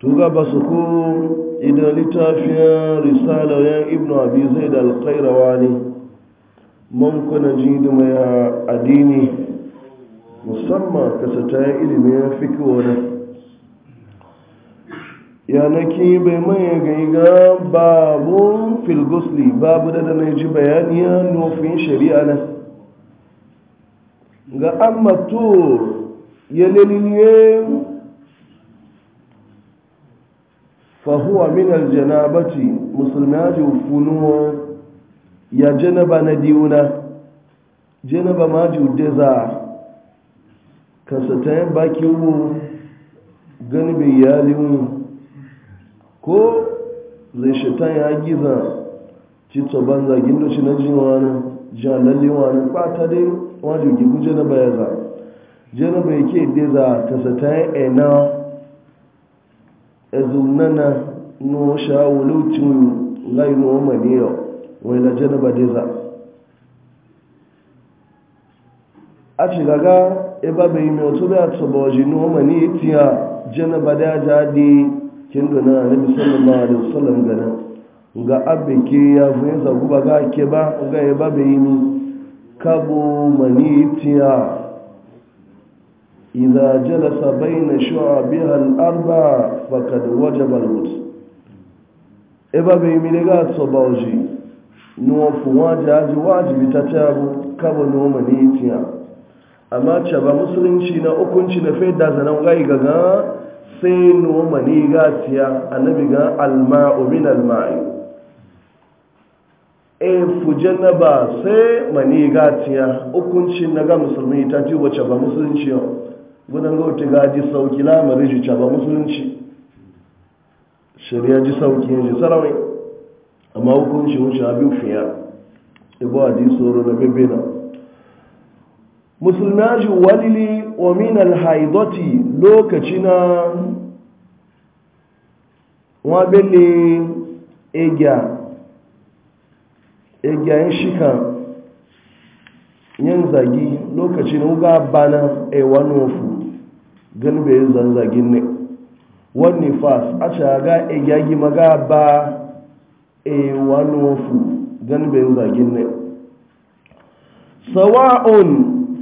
tuga ba su ku idan littafin risala ya ibnu abi zai da alkairawa ne mankuna kuna ji da mai addini musamman ya ilimin fikiwa nan yanaki bai maye gaiga babu filgusli babu da na ji bayaniya nufin shari'a na ga amma to ya laliye fahuwa min aljanabati musulmaji funuwa ya janaba na diuna janaba ma jude za kansa ta yin baki wu gani bai yali wu ko zai shaitan ya giza cito banza gindo shi na jin wani jan lalle wani kwata dai wajen gigu janaba ya za janaba ya ke deza kansa ta yin ena ezumnana no shawulu tun gai no maniyo wai la janaba deza a ci gaga eba bai mai otu bai a tsoba no mani tiya janaba da ja di kin dona nabi sallallahu alaihi wasallam gana ga abin ke ya fi zaguba ga ke ba ga eba bai mi kabo mani tiya إذا جلس بين شعبها الأربع فقد وجب الغسل إبا بيميلغا صباوجي نوف واجاج واجب تتابو كابو نوما نيتيا أما تشابا مسلم شينا أكون شينا فيدا زنوغاي غاغا sai noma ni gatiya annabi e fujanna ba sai mani gatiya hukuncin na ga musulmi ta ji musulunci yau gudan gauti ga ji sauki lamarin shi caba musulunci shari'a ji sauki yin shi sarawai amma hukunci wuce abin fiya ibo hadisi wuri na bebena musulmi ji walili wa haidoti lokaci na wabele egya yin shika yin zagi lokaci na wuga bana a wani ofu galbe yin zanzagin ne wani fas a shaga a e yagi maga ba a e wani wofu galbe yin zagin ne sawa'un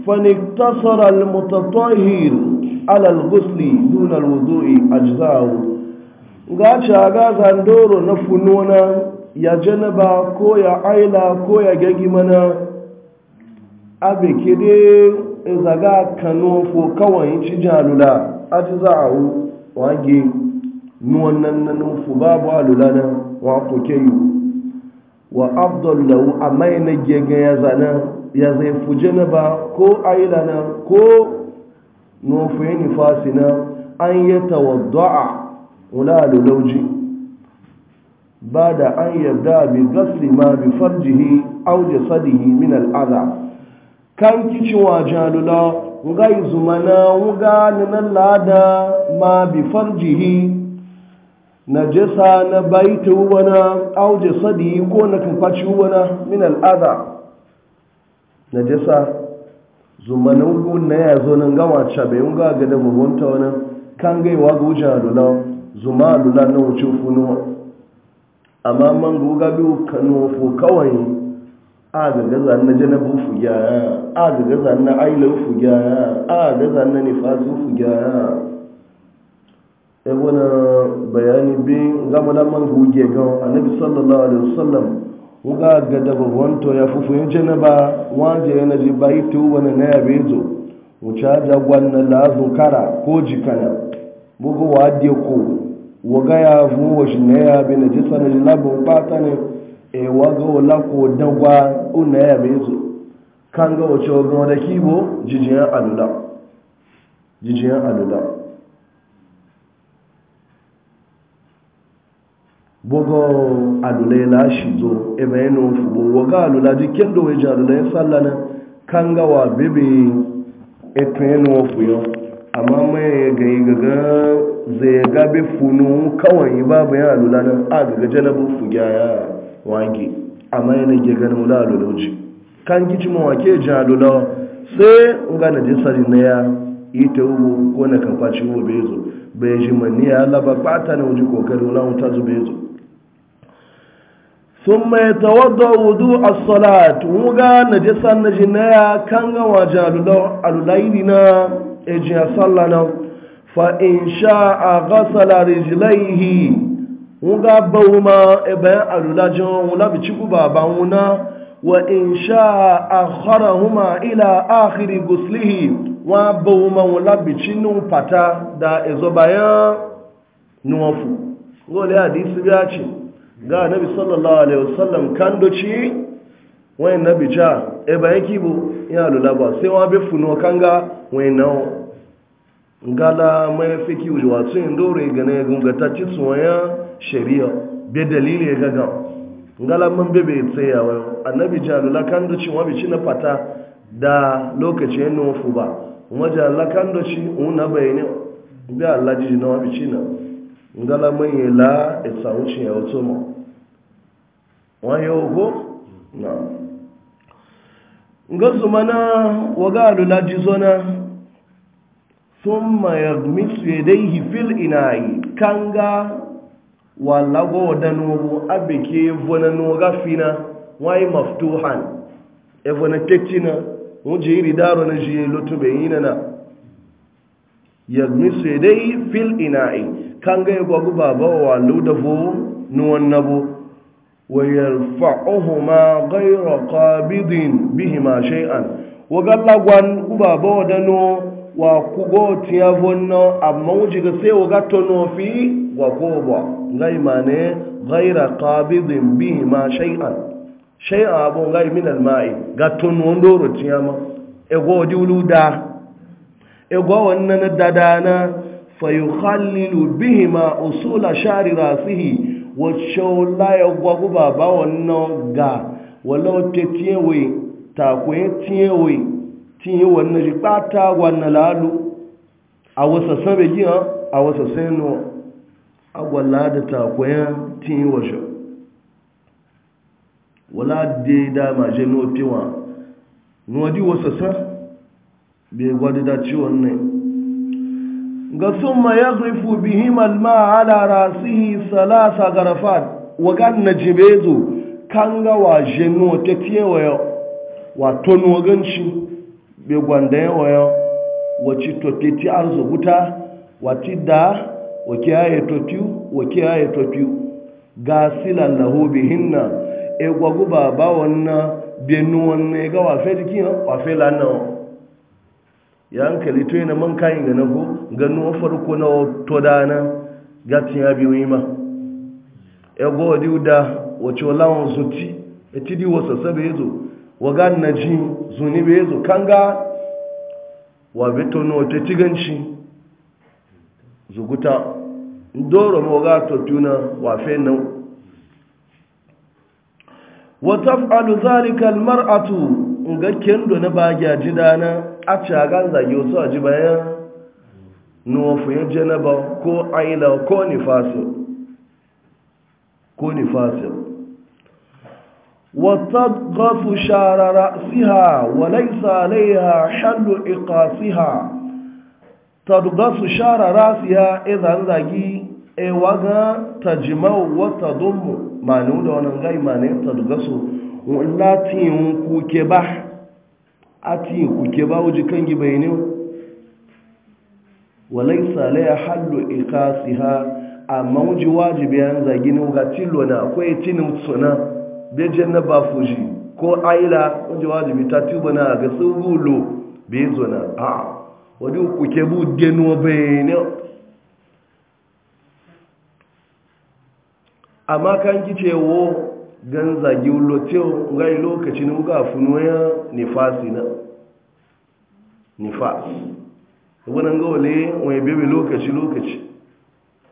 faniktasar almutatahir alal gusli wuzo'i a ajza'u ga shaga zandoro na funona ya janaba ko ya aila ko ya gagi mana abikide zaga kano ko kawai ci jalula a ci za a wu wage nuwan nan na nufu babu alula na wa koke yi wa abdul lau a mai na gega ya zana ya zai fuje na ba ko aila na ko nufu ya nifasi na an yi tawadda'a wula alulauji ba da an yarda bi gasli ma bi farjihi au jasadihi min al'adha kan kicewa jalula wuga izumana wuga nanan lada ma bi farjihi na jesa na baita wana au jasadi ko na kamfaci wana min al'ada na jesa zumana wuga na ya zo nan gawa cabe wuga ga da mabonta wana kan gaiwa ga wujan lula zuma lula na wuce funuwa amma man wuga biyu kanu kawai agaga zanna janabu fugaya agaga zanna ailau fugaya agaga zanna nifasu fugaya ebona bayani bi gama da man guge ga annabi sallallahu alaihi wasallam uga ga da babwanto ya fufu yin janaba wanje yana ji bayi tu wani na ya bezo wuce ja gwanna lazu kara ko jikana bugu wa ko waga ya vuwa shi na ya bi na jisa na labon pata ne ewa ga wala ko dagwa una ya mezu kan ga wace da kibo jijiyan alula jijiyan alula bogo alulai la shizo zo ebe yana fubo waga alula jikin da iji alulai sallana na kanga wa bebe eto yana wafu yau amma mai ga yi gaga zai gabe funu kawai babu ya alula na a gaga jalabu fugyaya wangi amma yana ke ganin wula lulauci kan gici ma wake ji a lulawa sai nga na jisari na ya ita ugu ko na kamfaci ugu bai zo bai ji manni ya laba bata na wuji kokari wula wuta zu bai zo sun mai tawadda wudu a salat wuga na jisar na ji na ya kan gawa ji a lulayi na ejiya sallah na fa in sha'a ghasala rijlaihi wuga bawuma ebe alulajin wula bichiku baba wuna wa in sha akharahuma ila akhiri guslihi wa bawuma wula bichinu pata da ezobayan nuwafu gole hadisi biya ce ga nabi sallallahu alaihi wasallam kandochi doci wani nabi ja ebe bi funo kanga wani nawa ngala shari'a be dalili ya gaga ngala bebe be be tsaya annabi jalula kan duci wa bici na fata da lokacin nufu ba kuma jalula kan duci una bayani bi Allah ji na wa bici na ngala mun yi la isa wuce ya wato mu wa yau go na ngasu mana wa galula ji zona thumma yaghmisu yadayhi fil ina'i kanga walago da nubu abike vona noga fina wai maftuhan e vona tetina wuje iri daro na je lotu be yinana yagmisu dai fil ina'i kanga ya gwagu baba wa luda vo nuwan nabo wa ghayra qabidin bihima shay'an wa gallagwan baba wa dano wa kugo tiya amma wuje ga sai wa gatto fi wa gobo ngai mane ghaira qabidin bihi ma shay'an shay'a abu ngai min alma'i gatun wondoro tiyama ego diuluda ego wannan dadana fayukhallilu bihi ma usula shari rasihi wa shawla ya gwagu baba wannan ga walau te tiyewe takwe tiyewe tiye wannan jipata wannan lalu a wasa sabe giya a wasa sai agwala da takwayan tin washe wala de da ma je no piwa no di sa be gwada da ciwon ne ga summa yaghrifu bihim alma ala rasihi salasa garafat wa gan najibezu kanga wa je no te piwa wa tonu ganci be gwanda wa ci to te ti buta wa ti da wakiyaye totiu wakiyaye totiu ga silan lahu bihinna e gwagu baba wanna bienu wanne ga dikin wa fe lana ya hankali to ina man kayan ga nago nu farko na to dana ga ya abi wima e go uda wace lawan zuti e tidi sasabe yezo yazo waga naji zuni be yazo kanga wa betono te tiganci zuguta doro mo juna, to tuna wa fe nan wa taf'alu zalika almar'atu ga kendo na bagya dana, a cagan zage su a ji bayan nufin janaba ko aila ko nifasil ko nifasil وتضغف شعر رأسها وليس عليها حل إقاسها tadgasu shara rasiya e zanzagi e waga tajimau wa tadummu mani da wannan gai mani tadgasu wallatin kuke ba ati kuke ba wuji kan gi bayne walaysa la yahallu iqasiha amma wuji wajibi yan zagi ne ga tillo na akwai tinin tsuna be janna ba fuji ko aila wuji wajibi ta tuba na ga sugulo be zona a'a wadda kuke buɗe nuwa bayani amma kan kice wo gan zagi loteo ngai lokaci ne muka funo ya nifasi na nifas wannan ga wale wai bebe lokaci lokaci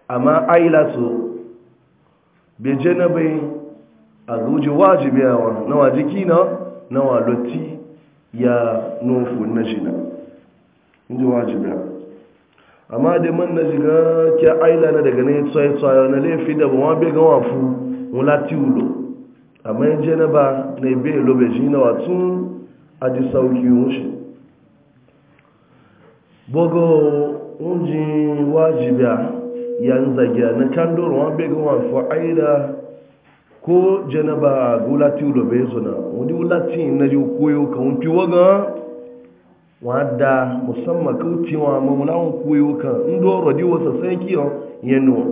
amma aila so be janabai a zuji wajibi yawa na wajiki na na ya nufu na inji wajibi amma da man na jiga ke aila na daga ne tsaye tsaye na laifi da ba wabe ga wafu mulati ulo amma yin je na ba na ibe lobe shi na watun a ji sauki mushi bogo unji wajibi yan zagiya na kandor wabe ga wafu aila ko janaba gulati ulo bai zuna wani ulati na ji koyo ka fi waga wadda musamman kaucewa mamulawun koyo kan ndoro diwa sassan kiyo ya nuwa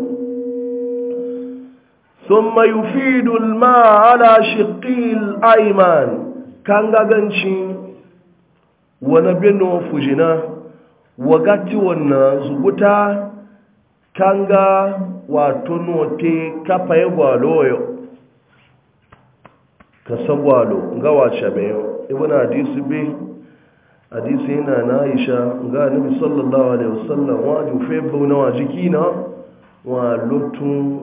sun mayu fidul ma ala shiqil aiman kan gaganci wani benin fujina wagati wannan zubuta kan ga wato nwote kafa ya gwalo yau ka san gwalo ga wace mai yau ibina na hadisi hadisi yana na aisha ga nabi sallallahu alaihi wasallam waju febo na wajiki na wa lutun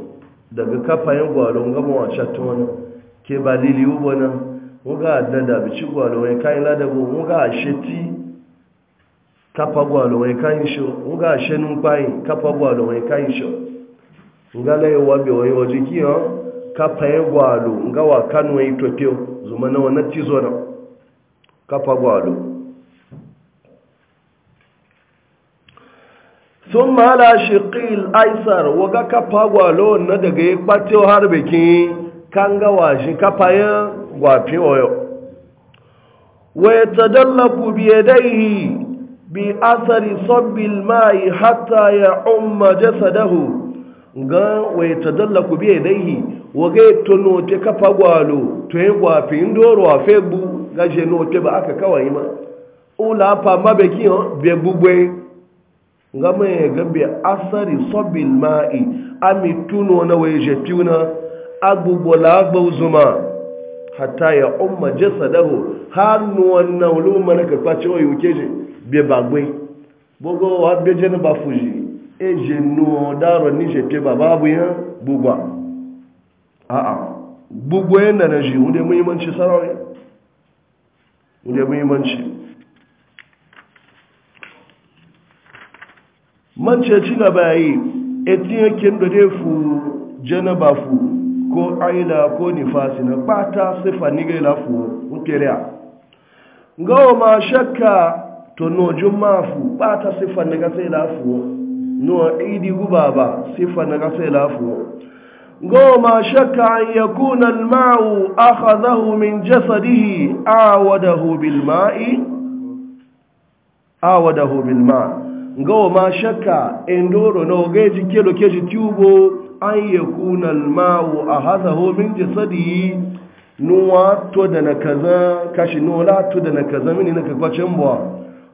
daga kafayen gwalon gaba wa chatona ke ba lili ubona muga dada bici gwalon wai kayan ladabo muga sheti kafa gwalon wai kayan sho muga shenun kwayin kafa gwalon wai kayan sho nga lai wabe wai wajiki ha kafayen gwalo nga wa kanwa itopio zuma na wannan tizo na kafa gwalo sun mala shiqil aisar waga kafa gwalo na daga yi kpatiyo har bikin kan gawa shi kafayen gwafi oyo wa ya tadallaku biyadaihi bi asari sabbil mai hatta ya umma dahu ga wa ya tadallaku biyadaihi waga yi tono te kafa gwalo to yi gwafi indoro a febu gashe no te ba aka kawai ma ula pa mabekin bebugbe gama ya gabe asari sobil ma'i amituno na waye jefuna agbugbola agbauzuma hata ya umma jasadahu hannu wannan ulumma na kakwa cewa yuke je be bagbe gbogbo wa be je ba fuji e je no daro ni gbogbo pe baba ya bugwa a a bugwa yana na ji unde muhimmanci sarawi unde muhimmanci mace ci gaba yi etinye kendo dai fu janaba fu ko aila ko nifasi na bata sifa niga la fu nkere a o ma shakka to no ma fu bata sifa niga sai la fu no idi guba ba sifa niga sai la fu o ma shakka an yakuna al-ma'u akhadahu min jasadihi awadahu bil ma'i awadahu bil ma'i gawa ma shakka indoro na geji kelo keji shi tubo an yi kunan ma'u a min homin jisadi nuwa to da na kaza kashi nola to da na kaza mini na kakwacin buwa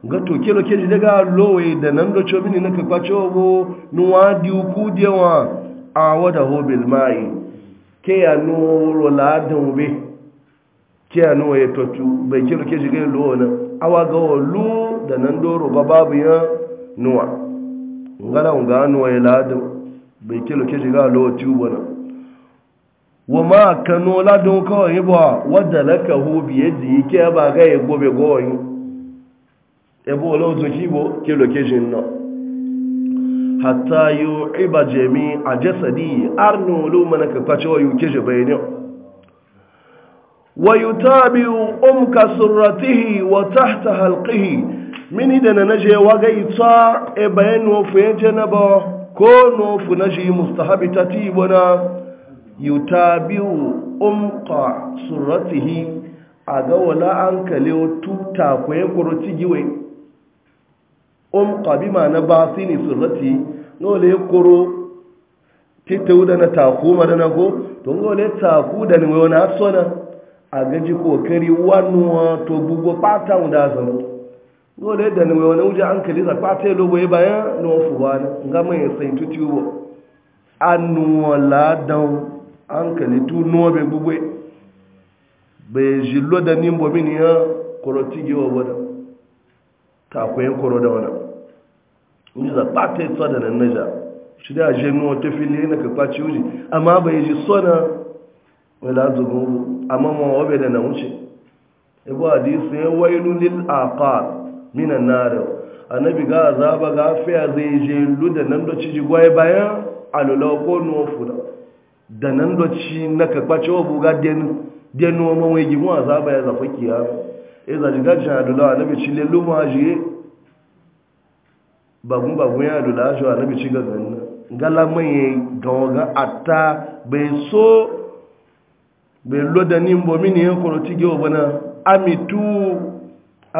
ga to kelo keji daga lowe da nan doco ne na kakwacin obo nuwa diuku dewa a wada hobil ma'i ke ya nuro ladan be ke ya nuwa ya totu bai kelo keji ji ga lowe na awa ga lu da nan doro ba babu yan nuwa ngana nga nuwa ya ladu bai kilo ke shiga lowa tubo na wa ma kano ladun kawai yi ba wadda laka hu biye ji ke ba ga ya gobe goyi ebo lọ́dọ̀ kí bó kí lókèjì náà hàtà yóò ìbà jẹ̀mí mana arnà olóòmọ̀nà kàkàcọ́ yóò kéjì bẹ̀yẹ̀ ní wàyútàbí umka surratihi wa tahta halqihi. mini da na naje waga ita e bayan nufu ya je na ba ko nufu na shi mustahabi ta ti bana yuta biyu umka suratihi a ga wala an kale tuta ko ya kuro ci giwe umka bi ma na ba basini surati ya kuro titau da na taku mara na ko to ngole taku da ni wani asona a gaji kokari wani to gugu fata mu da zama dole da mai wani wuce hankali za kwa ta lobo ya bayan na wafu na ga mai sai t'i wa an ladan hankali tu nuwa bai bugwe bai jillo da nimbo mini ya koroti giwa wadda ta kwayen koro da wadda wuce za kwa ta yi tsada na naja na ka kwaci wuce amma bai ji sona mai lazugun amma ma minan nari annabi ga azaba ga fiya zai je lu da nan doci ji gwaye bayan alulau ko nuwa fuda da nan doci na kakwace wa buga denuwa mawai gimu azaba ya zafi kiya e za ji gajin alulawa annabi ci lelu ma ji bagun bagun ya alulawa shi annabi ci gaggan gala mai gawaga ata bai so bai lo da nimbo mini ya kuro tige bana amitu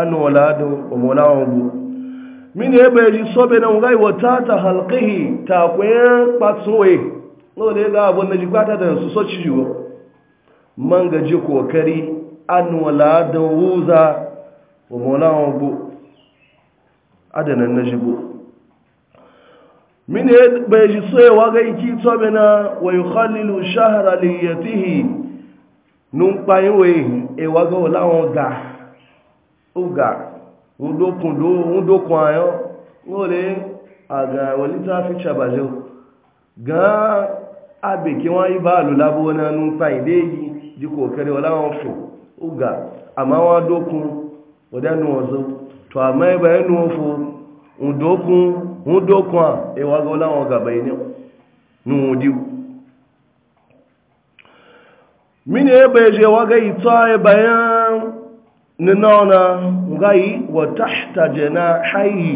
an waladu wa mulawu min ya bai ji sobe na ngai wata ta halqihi ta kwayen patsoe no le ga abun da ji ta da su so man ga ji kokari an waladu wuza wa mulawu adanan na jibo min ya bai ji soyewa ga iki sobe na wa yukhallilu shahra liyatihi nun payin we e ga lawon ga uga ndokundo ndokwayo ngole aga fi chabajo ga abe ki wa ibalu ba na nu pai deji ji kokare wala wa uga ama wa dokun wadanu ozo to amma ba yanu ofo ndokun ndokwa e wa ga wala wa ga nu ebe ninaona ngai wa tahta janahihi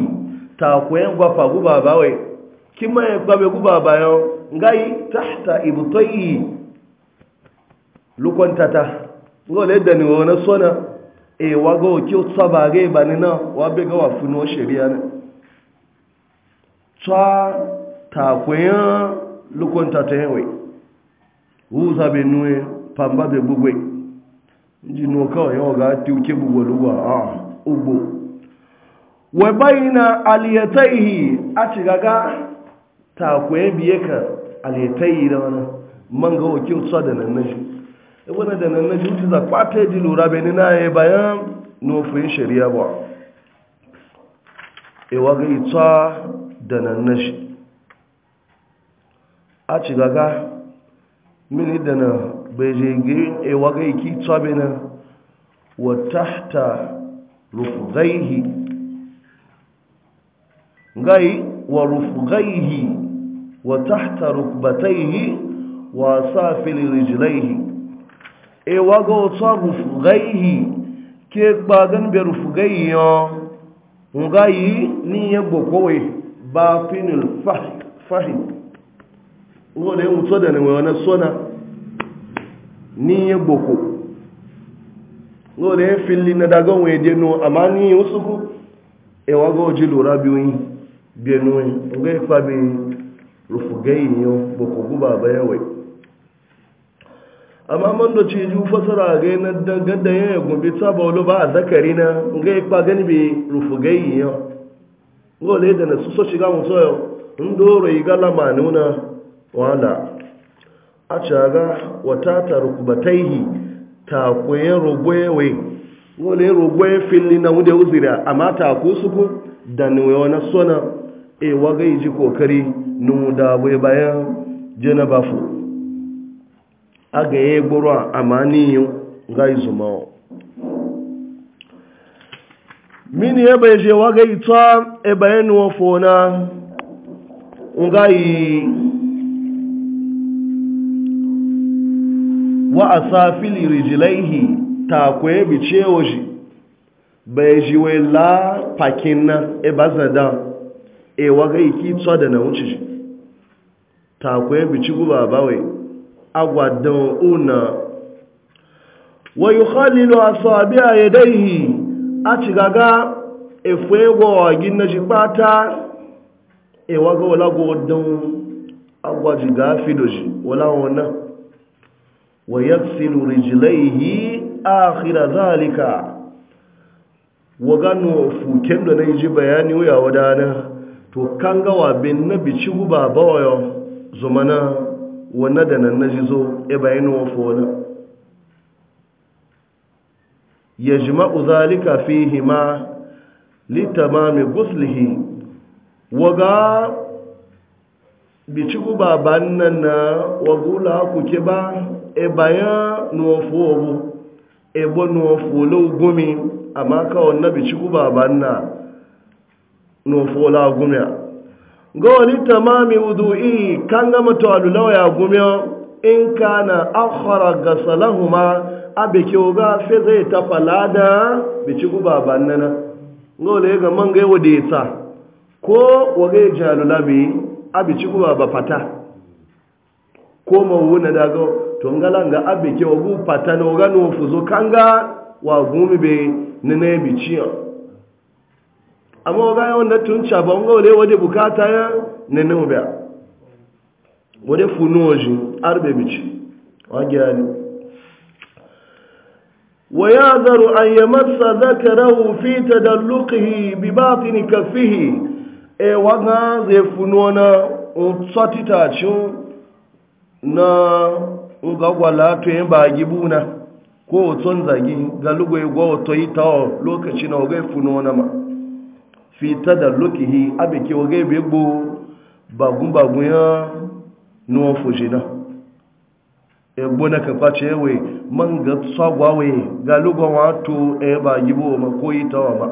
ta kwengwa fa guba bawe kima kwa be guba bayo ngai tahta ibtayi lukon tata ngole da ni wona sona e wago ki utsaba ge banina wa be ga wafuno sheria ne tsa ta uza benue pamba be jino kawai yawa ga tuke bugwaluwa a ugbo wa na aliyataihi a cigaga takwaye biye ka aliyataihi da wani man ga wakil tsa da nan nashi ibana e da nan nashi wuce za kwata ji lura bai na ya bayan nufin shari'a ba ya e ga itsa da nan nashi a cigaga mini da bai jirgin ewa ga iki tsobina wa tahta rufugaihi gai wa rufugaihi wa tahta rukbataihi wa safili rijilaihi ewa ga otu rufugaihi ke gbagan bai rufugaihi yawon ngayi ni ya gbokowe ba finil fahim ngole mutu da ne wani sona n'ihe gboko n'ole fili na daga onwe denu ama n'ihe usuku ewago oji lura bi oyi bienu oge ikpabi rufuge iyo gboko guba ba yawe amma man da ce ji fasara ga na daga da ya gobe tsaba wani ba a zakari na ga ikpa gani bi rufuge iyo n'ole da na su so shiga musoyo ndoro igala ma nuna wala a caga wata ta rukubataihi ta kwaye rogwewe wani rogwe fili na wude uzira amma ta ku suku da nuwa na sona e waga yi kokari numu da bai bayan jana bafu a ga yi gburu amma ni yi ga izumawa mini ya bai je waga yi ta ebe nuwa fona nga wa asafili rijlaihi takwe bicewo shi bai ji la pakin na e bazada e waga iki tsoda na wuce ta takwe bici guba bawai agwadan una wa yukhalilu asabi'a yadayhi a cigaga efe gwa gina na bata e waga wala gwa agwaji gafi doji wala wannan wa yaksilu rijlaihi akhira zalika wa gano fuken da na yi ji bayani wuya wadana to kan gawa bin na bici guba bawayo zumana wannan da nan na ji zo e bayani wa fona ya jima'u zalika fihi ma litamami guslihi waga bici guba ban nan na wagula kuke ba ebaya nuwafu obu ebo nuwafu lau gumi amma kawon na bici ku baban na nuwafu la gumi ga wani tamami wudu'i kan gama tawalu in kana zai ta falada bici ku man gaiwa ko wage jalulabi fata ko daga tongala nga abike wagu ga no fuzo kanga wa gumi be nene biciya amma ga yawan da tun caba wanga le wode bukata ya nene mu biya wade funoji arbe gani wa yadharu an yamassa dhakarahu fi في bi batin kaffihi e waga zai o na chu na ga gwala to yin ba na ko otun zagi ga lugo gwa oto yi o lokaci na ogai efu na ma fi ta da lokihi abeke ogai begbo bagun bagun ya nuwa na egbo na kan kwace ewe man ga tsagwawe ga lugo wa to ba ba gibo ma ko yi o ma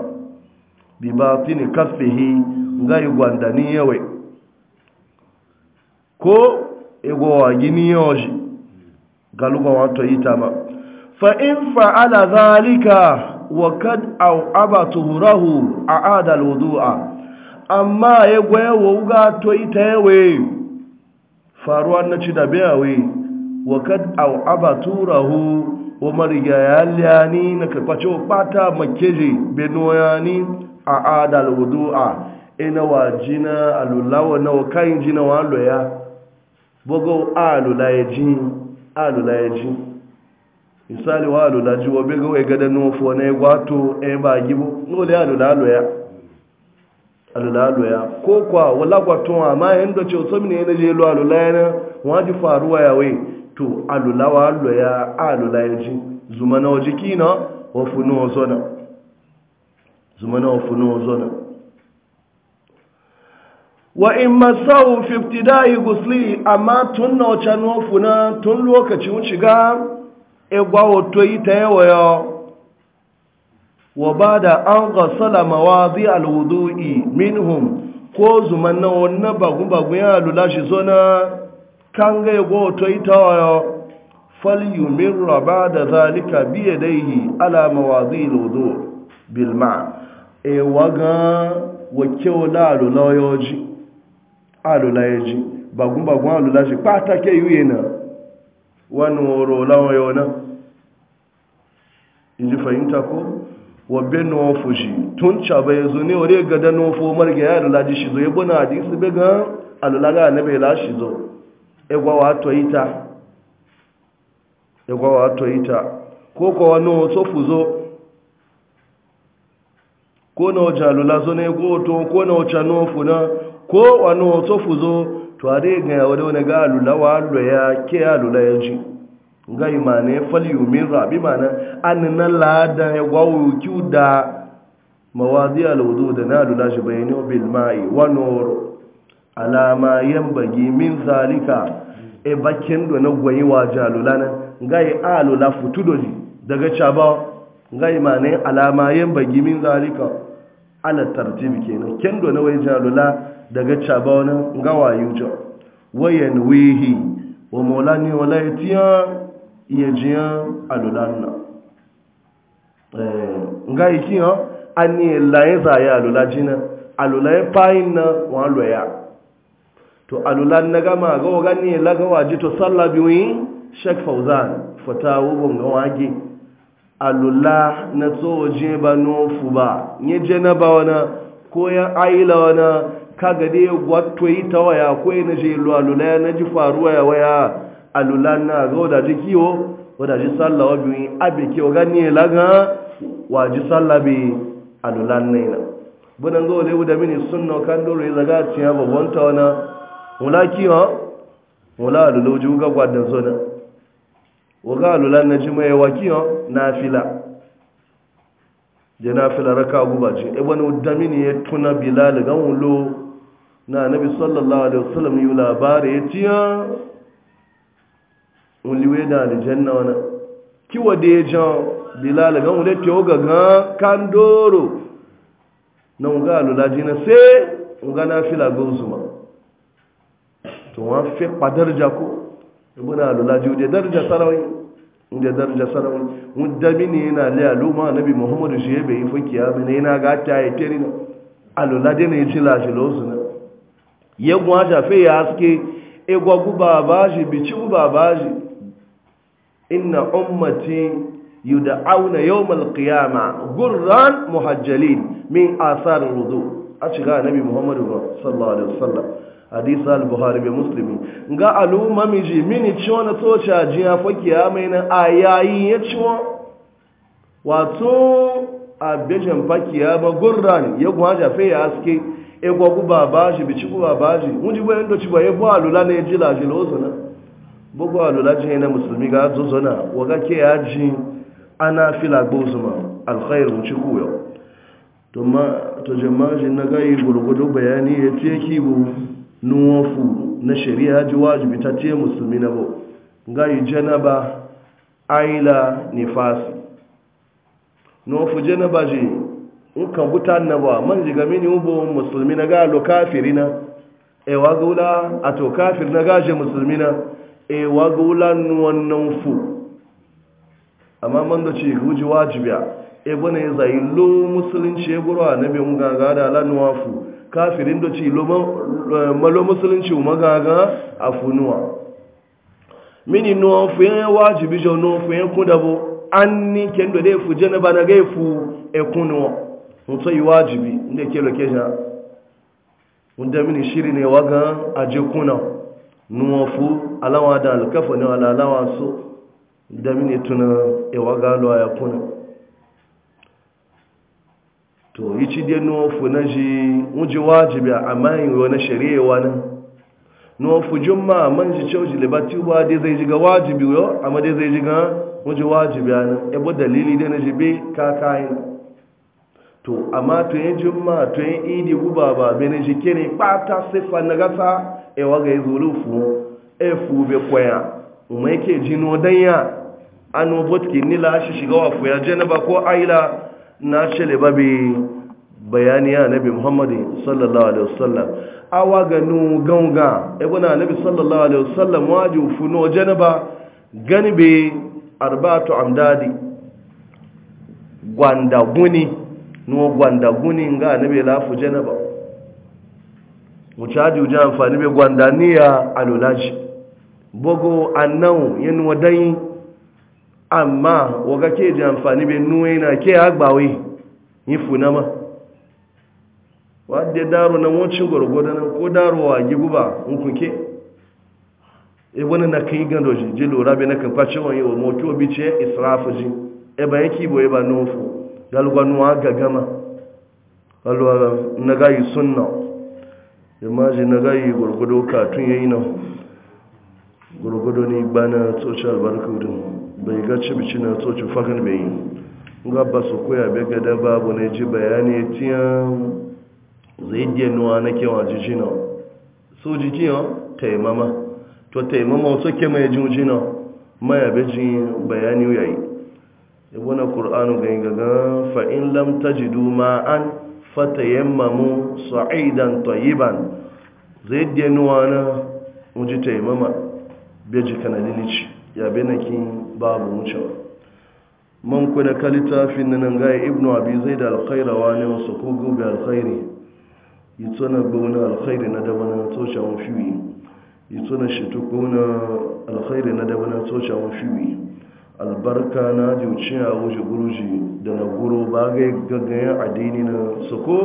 bi ba fini kafihi ga yi gwandani yawe ko egwo wa gini yawa galugan wato yi ta ma fa'in fa'ala zalika wa kad au'aba tuhurahu a adal wudu'a amma ya goya wa wuga to yi ta yawe faruwa na ci da biyawe wa kad au'aba tuhurahu wa mariga ya liyani na karface wa ɓata makeji benoyani a adal wudu'a ina wa jina alulawa na wa kayan jina wa loya bugu alula ya jini alula ya ji misali wa alula ji wa bega wai gada nufo na ya gwato ya ba gibo nole alula alula alula alula ko kwa wala gwato amma yin da ce wasu mini yana jelo alula ya na waji faruwa ya wai to alula wa alula alula ya ji zuma na wajiki na wafu na wazona zuma na wafu na wazona wa in masau fi yi gusli amma tun na wacan wofuna tun lokacin shiga egwa wato yi ta yawaya wa ba da an gasala mawazi alwudu'i minhum ko zuman na wannan bagun-bagun ya lula shi so na kan ga egwa wato yi ta wayo min raba da zalika biye daihi ala mawazi alwudu bilma ewa ga wakil lalu lauyoji alula ya ji bagun bagun alula shi pata ke wani woro lawon yau na iji fahimta ko wabe nufu shi tun caba zo ne wani gada ya alula ji shi zo ya bana hadisi bai alula ga na bai lashi wato ita wato ita ko kwa wani na zo na na ko wani wato fuzo to a dai ga wani wani ga alulawa ya ke alula ya ji ga imane faliyu min rabi mana an na lada ya gwawo kiu da mawazi alwudu da na alula shi bayani bil ma'i wa nur alama bagi min zalika e bakin do na gwayi wa jalula na ga alula futudoji daga chaba ga imane alama bagi min zalika ala tartibi kenan kendo na wai jalula daga caba wani gawa yujo wayan wihi wa maulani wa laitiya iya a alulanna eh, nga iki ha ani laye zaye alula jina alula ya fayin na wa ya? to alula na gama ga waga ni laga ji to sallah biyu shek fauzan fata bon gawage alula na tsoje ba n'ofu ba ni je na ba wana ko ya aila wana kaga dai wato yi ta waya ko na je alula na ji faruwa ya waya alula na ga wada kiwo wada ji sallah wa biyu abin kiwo gani laga wa ji sallah bi alula na ina bunan ga wale wuda mini suna kan doro ya zaga ya babban ta wana wula kiwo wula alula ji ga gwadon sona wuga alula na ji mai wa kiwo na fila jana fila raka gubaci ibn e udamini ya tuna bilali gan na nabi sallallahu alaihi wasallam yi labari ya ciya uliwe da alijanna wani kiwa da ya jan bilal ga wule ke oga ga kandoro na nga alulaji na sai nga na fila gozuma to wa fe padarja ko ibuna alulaji da darja sarawai inda darja sarawai muddami ne yana le aluma nabi muhammadu shi ya bai fukiya bane yana ga ta yi na alulaji ne ya ci lashe na. yegun ajafe ya haske egwagu babaji bicigu babaji inna ummati yud'auna yawmal qiyama gurran muhajjalin min athar rudu a shiga nabi muhammad sallallahu alaihi wasallam hadith al bukhari bi muslim ga aluma miji mini ciwon tocha jiya fakiya mai na ayayi ya ciwon wato abejan fakiya ba gurran ya gwaja fe ya haske egwa guba baji bici guba baji wunji bayan da ciba ya buwa lula na ya ji laji lozo musulmi ga zona, na waga ke ya ana fila gbozu ma alkhairu wuce to ma to jamaji na gayi gurgudu bayani ya ce ki bu nuwofu na shari'a ji wajibi ta ce musulmi na bu gayi janaba aila nifasi nuwofu janaba ji nkan buta na ba man jiga mini ubo musulmi na lo kafiri na e wa gula a to kafir na je musulmi na e wa gula wannan fu amma man da ci guji wajibiya e bane zai lo musulunci e gura na bi mun gaga da lanuwa fu kafirin da ci lo malo musulunci mu gaga a funuwa mini no fu ya e wajibi jo no fu ya e kudabo anni kendo de fu na bana ga fu e kunuwa mutu yi wajibi inda kelo lokeja wanda mini shiri ne waga a jikuna nuwafu alawa da alkafa ne wala alawa so da mini tuna ewa ya kuna to yi ci dai na ji wuji wajibi a amayin wani na wani nuwafu jumma man ji cewa libati ba dai zai jiga wajibi yau amma dai zai jiga wuji wajibi a nan ebo dalili dai na kakayin to amma to yin jimma to yin idi guba ba bene jike ne pata sifa na gasa e waga yi fu e be kwaya umar yake jino danya an obotki nila shi shiga wa fuya janaba ko aila na shele babi bayani ya nabi muhammadu sallallahu alaihi wasallam awa ganu ganga ebuna nabi sallallahu alaihi wasallam waju no janaba gani be arbatu amdadi gwanda guni nuwa gwanda guni nga na bai lafu janaba mucaji uji amfani bai gwanda ni ya alulaji bogo annan yin wadayi amma waga ke ji amfani bai nuwe yana ke agbawai yi funama wadda daro na wancin gwargwada nan ko daro wa gi ba nkunke e wani na kai gando ji lura bai na kan kwace wani wa moto bi ce israfu ji eba yake boye ba nufu galgwanuwa ga gama alwara na gayi sunna imaji na gayi gurgudu katun yayi nan gurgudu ne ba na tsoci albarkudin bai ga cibici na tsoci fagen bai yi gaba su koya bai gada babu na ji bayani tiyan zai diyanuwa na kewa jiji na su jiji yau taimama to taimama wasu ke mai maya mai abejin bayani yayi ibuna ƙur'anu ga gaga fa'in lamta ji duma an fata yammamu sa'idan tayyiban zai denuwa na muji taimama beji kanadilici ya benakin babu wucewa man kuna kalitafin na nan gaya ibnu abi zai da alkhairawa ne wasu ko gobe alkhairi yi tsona gona alkhairi na dabana tsohon fiwi yi tsona shi tukuna alkhairi na dabana tsohon fiwi albarka na jauciya wuce guruji da na guru ba ga gaggayen adini na suko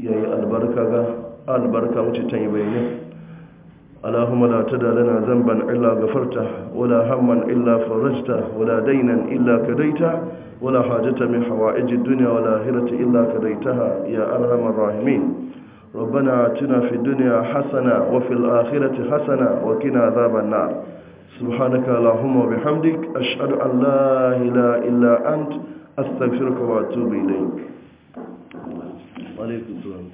ya yi albarka ga albarka ta yi bayani allahumma la ta dalana zamban illa gafarta wala hamman illa farajta wala dainan illa kadaita wala hajjata min hawa'iji duniya wala hirata illa kadaitaha ya arhamar rahimi ربنا اعتنا في الدنيا حسنة وفي hasana حسنة وكنا ذاب النار سبحانك اللهم وبحمدك أشهد أن لا إله إلا أنت أستغفرك وأتوب إليك وعليكم السلام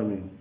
آمين